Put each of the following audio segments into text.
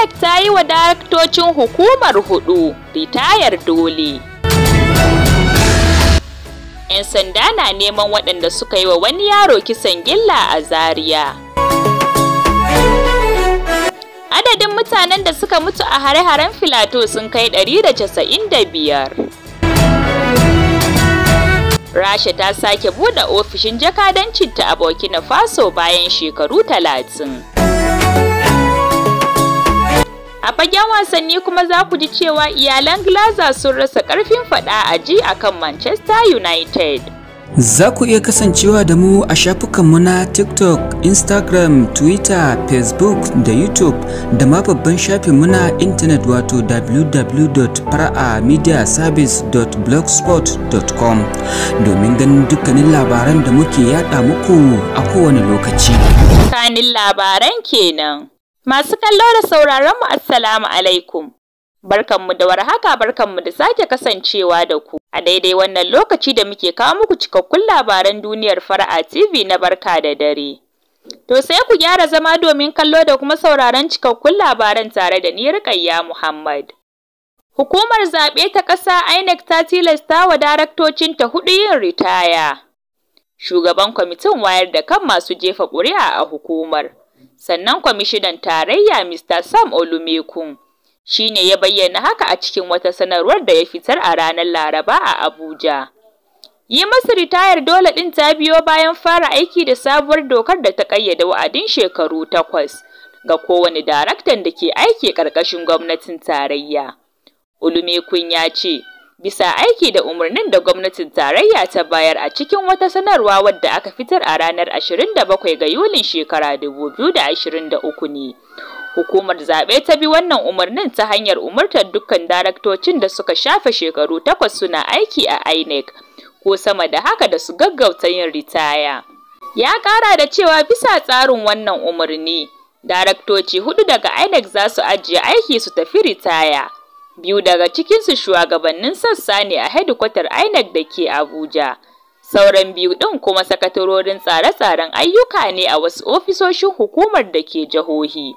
INEC ta yi wa daraktocin hukumar hudu ritayar dole. 'Yan sanda na neman waɗanda suka yi wa wani yaro kisan gilla a Zaria. Adadin mutanen da suka mutu a hare-haren filato sun kai ɗari da da casa'in biyar. Rasha ta sake buɗe ofishin jakadancinta a Burkina Faso bayan shekaru talatin. A fagen wasanni kuma za ku ji cewa iyalan Glazer sun rasa ƙarfin faɗa a ji a kan Manchester United. Za ku iya kasancewa da mu a shafukanmu na TikTok, Instagram, Twitter, Facebook da YouTube da ma babban shafin na intanet wato www.fara'amediaservice.blogspot.com domin ganin dukkanin labaran da muke yada muku a kowane lokaci. Kanin labaran kenan. Masu kallo da sauraron mu Assalamu alaikum. Barkanmu da warhaka, barkanmu da sake kasancewa da ku. A daidai wannan lokaci da muke kawo muku cikakkun labaran duniyar fara'a TV na barka da dare. To sai ku gyara zama domin kallo da kuma sauraron cikakkun labaran tare da ni Rukayya Muhammad. Hukumar zaɓe ta ƙasa INEC ta tilasta wa daraktocin ta huɗu yin ritaya. Shugaban kwamitin wayar da kan masu jefa ƙuri'a a hukumar. sannan kwamishinan tarayya Mr. Sam Olumekun shi ne ya bayyana haka a cikin wata sanarwar da ya fitar a ranar Laraba a Abuja. Yi masu ritayar dole ɗin ta biyo bayan fara aiki da sabuwar dokar da ta ƙayyada wa'adin shekaru takwas ga kowane daraktan da ke aiki ƙarƙashin gwamnatin tarayya. Olumekun ya ce, bisa aiki da umarnin da gwamnatin tarayya ta bayar a cikin wata sanarwa wadda aka fitar a ranar 27 ga Yulin shekara 2023 ne. Hukumar zaɓe ta bi wannan umarnin ta hanyar umartar dukkan daraktocin da suka shafe shekaru takwas suna aiki a INEC ko sama da haka da su gaggauta yin ritaya. Ya ƙara da cewa bisa tsarin wannan umarni, daraktoci hudu daga INEC za su ajiye aiki su tafi ritaya. biyu daga cikinsu shugabannin sassa ne a hedikwatar INEC da ke Abuja. Sauran biyu ɗin kuma sakatarorin tsare-tsaren ayyuka ne a wasu ofisoshin hukumar da ke jahohi.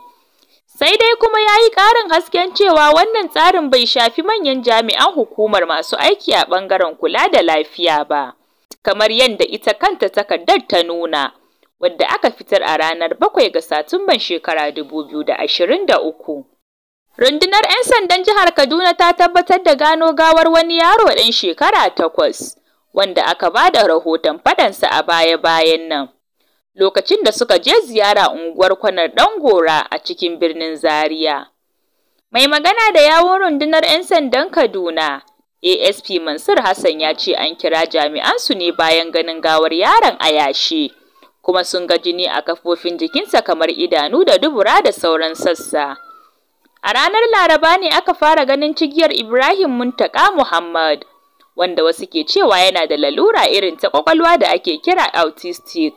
Sai dai kuma ya yi ƙarin hasken cewa wannan tsarin bai shafi manyan jami'an hukumar masu aiki a ɓangaren kula da lafiya ba, kamar yadda ita kanta takardar ta nuna, wadda aka fitar a ranar 7 ga Satumban shekara 2023. Rundunar 'Yan Sandan Jihar Kaduna ta tabbatar da gano gawar wani yaro ɗan shekara takwas, wanda aka ba da rahoton faɗansa a baya-bayan nan. Lokacin da suka je ziyara unguwar kwanar Dangora a cikin birnin Zaria. Mai magana da yawon rundunar 'yan sandan Kaduna, ASP Mansur Hassan ya ce an kira jami'an su ne bayan ganin gawar yaron a yashe, kuma sun ga jini a kafofin jikinsa kamar idanu da dubura da sauran sassa. A ranar Laraba ne aka fara ganin cigiyar Ibrahim Muntaka Muhammad, wanda wasu ke cewa yana da lalura irin ta kwakwalwa da ake kira autistic,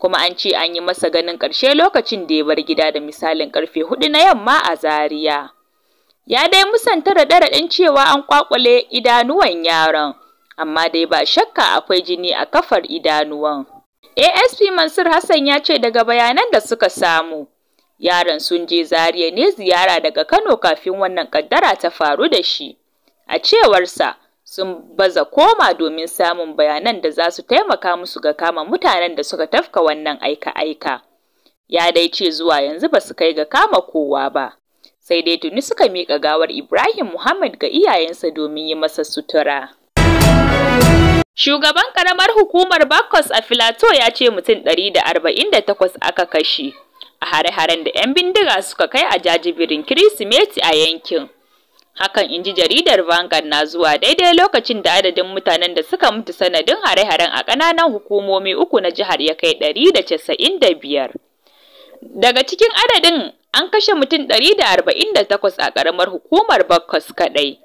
kuma an ce an yi masa ganin ƙarshe lokacin da ya bar gida da misalin karfe hudu na yamma a Zariya. Ya dai musanta da daraɗin cewa an kwakwale idanuwan yaron, amma dai ba shakka akwai jini a kafar idanuwan. ASP Mansur Hassan ya ce daga bayanan da suka samu, Yaran sun je Zariya ne ziyara daga Kano kafin wannan kaddara ta faru da shi. A cewarsa, sun baza koma domin samun bayanan da za su taimaka musu ga kama mutanen da suka tafka wannan aika-aika. Ya dai ce zuwa yanzu ba su kai ga kama kowa ba. Sai dai tuni suka mika gawar Ibrahim Muhammad ga iyayensa domin yi masa sutura. Shugaban ƙaramar hukumar Bakos a Filato ya ce mutum 148 aka kashe. a hare-haren da 'yan bindiga suka kai a jajibirin Kirsimeti a yankin. Hakan inji jaridar Vanguard na zuwa daidai lokacin da adadin mutanen da suka mutu sanadin hare-haren a ƙananan hukumomi uku na jihar ya kai 195. Daga cikin adadin an kashe mutum 148 a ƙaramar hukumar Bakkos kaɗai,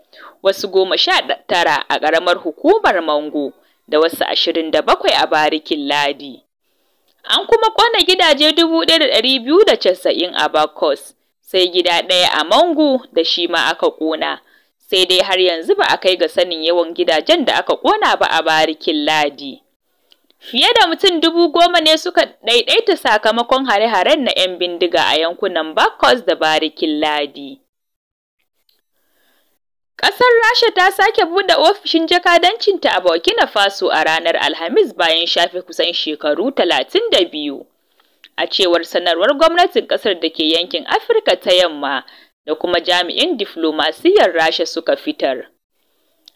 wasu goma sha tara a ƙaramar hukumar Mango da wasu 27 a barikin Ladi. An kuma kona gidaje dubu ɗaya da da ɗari biyu casa'in a bakos sai gida ɗaya a mangu da shi ma aka ƙona, sai dai har yanzu ba a kai ga sanin yawan gidajen da aka ƙona ba a barikin Ladi. Fiye da mutum dubu goma ne suka ɗaiɗaita sakamakon hare-haren na 'yan bindiga a yankunan Bakos da Barikin Ladi. Ƙasar Rasha ta sake buɗe ofishin jakadancinta a Burkina Faso a ranar Alhamis bayan shafe kusan shekaru 32. A cewar sanarwar gwamnatin ƙasar da ke yankin Afirka ta yamma da kuma jami'in diflomasiyyar Rasha suka fitar.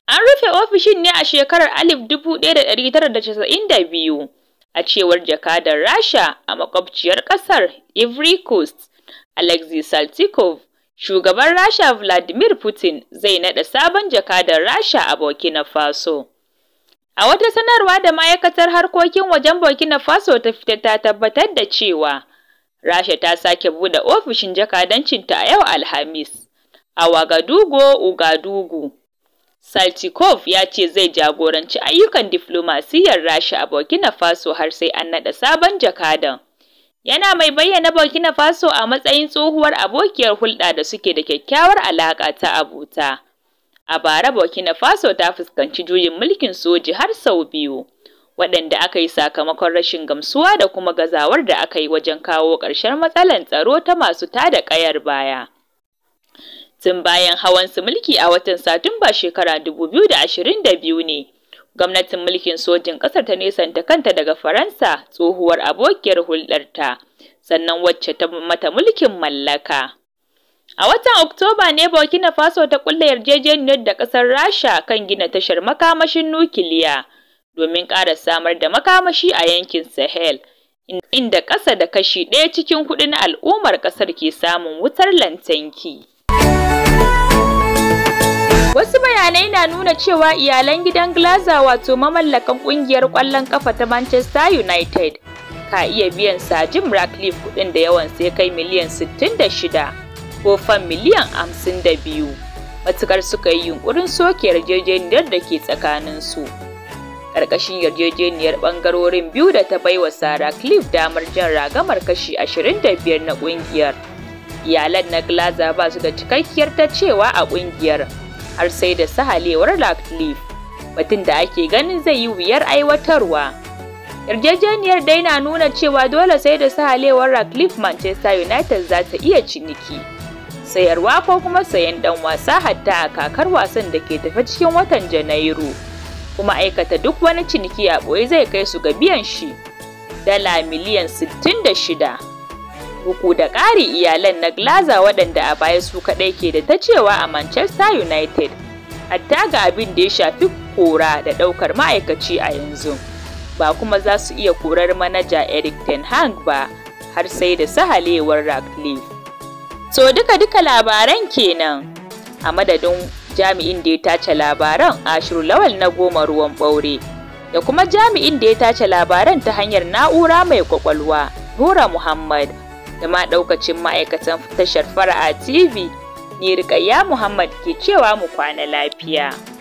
An rufe ofishin ne a shekarar 1992 a cewar jakadar Rasha a makwabciyar ƙasar Ivory Coast, Alexei Saltykov. Shugaban Rasha Vladimir Putin zai naɗa sabon jakadan Rasha a Burkina Faso. A wata sanarwa da ma'aikatar harkokin wajen Burkina Faso ta fita ta tabbatar da cewa Rasha ta sake buɗe ofishin jakadancinta a yau Alhamis a Wagadugo, Ugadugu. Saltikov ya ce zai jagoranci ayyukan diflomasiyyar Rasha a Burkina Faso har sai an naɗa sabon jakadan. yana mai bayyana Burkina Faso a matsayin tsohuwar abokiyar hulɗa da suke da kyakkyawar alaƙa ta abota. A bara Burkina Faso ta fuskanci juyin mulkin soji har sau biyu, waɗanda aka yi sakamakon rashin gamsuwa da kuma gazawar da aka yi wajen kawo ƙarshen matsalar tsaro ta masu tada ƙayar baya. Tun bayan hawan su mulki a watan Satumba shekara da da ashirin biyu ne, Gwamnatin mulkin sojin ƙasar ta nesanta kanta daga Faransa tsohuwar abokiyar hulɗarta, sannan wacce ta mata mulkin mallaka. A watan Oktoba ne Burkina Faso ta ƙulla yarjejeniyar da ƙasar Rasha kan gina tashar makamashin nukiliya domin ƙara samar da makamashi a yankin Sahel, inda ƙasa da kashi ɗaya cikin kuɗin al'ummar ƙasar ke samun wutar lantarki. Wasu bayanai na nuna cewa iyalan gidan Glazer wato mamallakan kungiyar kwallon kafa ta Manchester United ka iya biyan sa Jim Ratcliffe kuɗin da yawan sai kai miliyan 66 ko fan miliyan 52 matukar suka yi yunkurin soke yarjejeniyar da ke tsakanin su. Ƙarƙashin yarjejeniyar bangarorin biyu da ta baiwa Sarah Cliff damar jan ragamar kashi 25 na ƙungiyar. Iyalan na Glazer ba su da cikakkiyar ta cewa a ƙungiyar. har sai da sahalewar Ratcliffe, batun da ake ganin zai yi wuyar aiwatarwa. Yarjejeniyar dai na nuna cewa dole sai da sahalewar Ratcliffe Manchester United za ta iya ciniki. Sayarwa ko kuma sayan ɗan wasa hatta a kakar wasan da ke tafe cikin watan Janairu. Kuma aikata duk wani ciniki a ɓoye zai kai su ga biyan shi. Dala miliyan 66. Bugu da ƙari iyalan na Glazer waɗanda a baya su kaɗai ke da ta cewa a Manchester United. Hatta ga abin da ya shafi kora da ɗaukar ma'aikaci a yanzu. Ba kuma za su iya korar manaja Eric Ten Hag ba har sai da sahalewar Radcliffe. So duka-duka labaran kenan. A madadin jami'in da ya tace labaran ashiru lawal na goma ruwan ɓaure da kuma jami'in da ya tace labaran ta hanyar na'ura mai kwakwalwa nura muhammad da ma daukacin ma'aikatan tashar Fara'a TV. ne, Rikayya Muhammad ke cewa mu kwana lafiya.